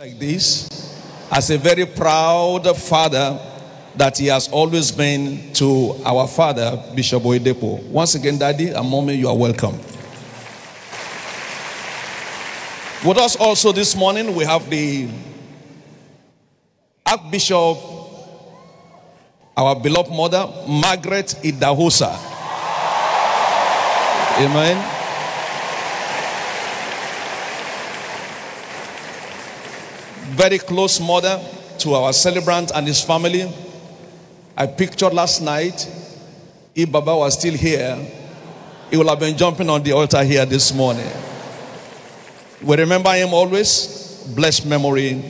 like this as a very proud father that he has always been to our father, Bishop Oedepo. Once again, Daddy and Mommy, you are welcome. With us also this morning, we have the Archbishop, our beloved mother, Margaret Idahosa. Amen. very close mother to our celebrant and his family. I pictured last night, if Baba was still here, he would have been jumping on the altar here this morning. We remember him always, blessed memory,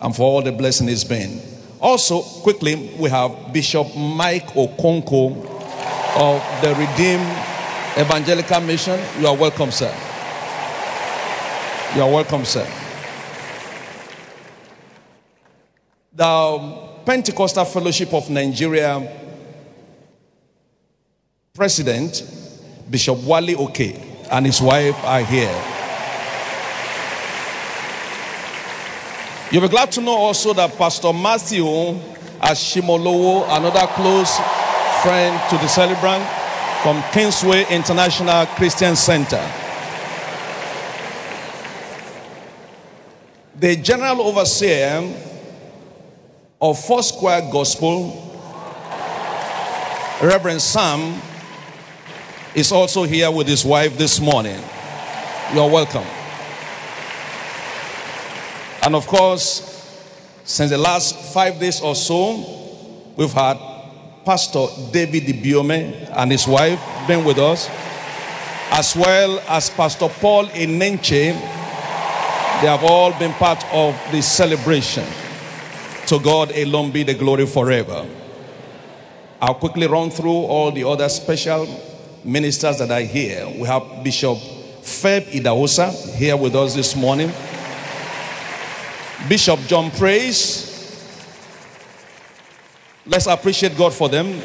and for all the blessing he's been. Also, quickly, we have Bishop Mike Okonko of the Redeemed Evangelical Mission. You are welcome, sir. You are welcome, sir. the um, Pentecostal Fellowship of Nigeria president, Bishop Wally Oke, and his wife are here. You'll be glad to know also that Pastor Matthew Ashimolowo, another close friend to the celebrant from Kingsway International Christian Center. The general overseer of Four Square Gospel, Reverend Sam, is also here with his wife this morning. You're welcome. And of course, since the last five days or so, we've had Pastor David Ibiome and his wife been with us, as well as Pastor Paul Inenche. They have all been part of the celebration. To God alone be the glory forever. I'll quickly run through all the other special ministers that are here. We have Bishop Feb Idahosa here with us this morning. Bishop John Praise. Let's appreciate God for them.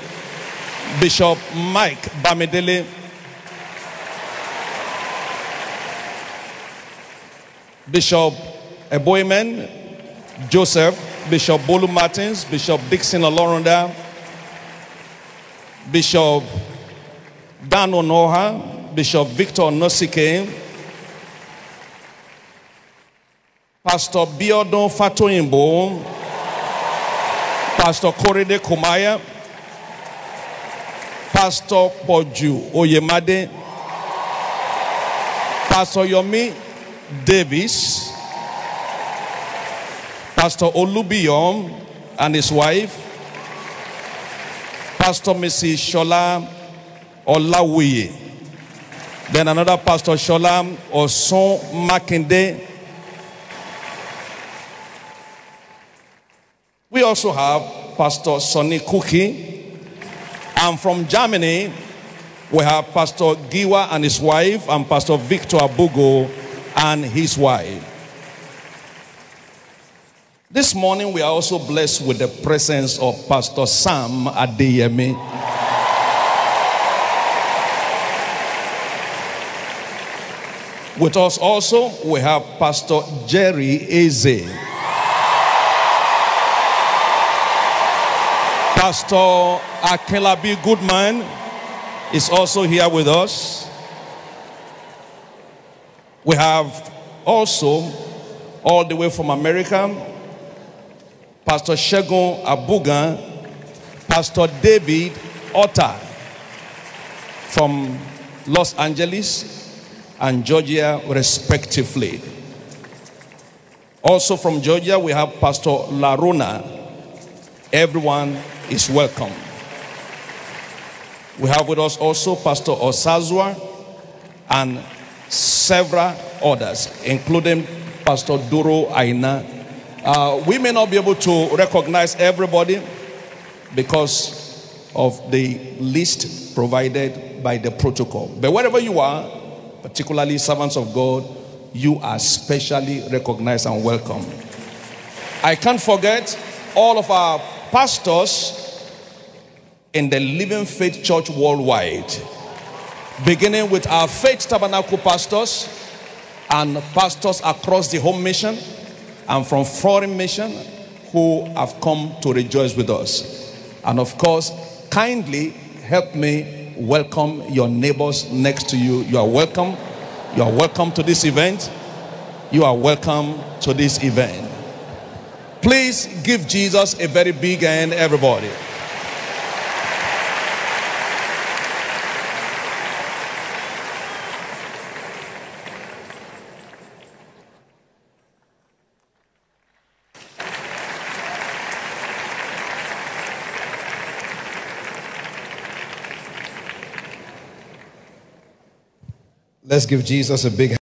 Bishop Mike Bamidele. Bishop Eboyman Joseph. Bishop Bolu Martins, Bishop Dixon Aloronda, Bishop Dan Onoha, Bishop Victor Nosike, Pastor Biodon Fatoimbo, Pastor Corde Kumaya, Pastor Poju Oyemade, Pastor Yomi Davis, Pastor Olubiyom and his wife, Pastor Mrs. Shola Olawuye, then another Pastor Shola Oson Makinde. We also have Pastor Sonny Kuki, and from Germany, we have Pastor Giwa and his wife, and Pastor Victor Abugo and his wife. This morning, we are also blessed with the presence of Pastor Sam Adeyemi. With us also, we have Pastor Jerry Eze. Pastor Akelabi Goodman is also here with us. We have also, all the way from America, Pastor Shagun Abugan, Pastor David Otter from Los Angeles and Georgia, respectively. Also from Georgia, we have Pastor Laruna. Everyone is welcome. We have with us also Pastor Osazwa and several others, including Pastor Duro Aina uh, we may not be able to recognize everybody because of the list provided by the protocol. But wherever you are, particularly servants of God, you are specially recognized and welcome. I can't forget all of our pastors in the Living Faith Church worldwide, beginning with our Faith Tabernacle pastors and pastors across the home mission and from foreign mission who have come to rejoice with us. And of course, kindly help me welcome your neighbors next to you. You are welcome. You are welcome to this event. You are welcome to this event. Please give Jesus a very big hand, everybody. Let's give Jesus a big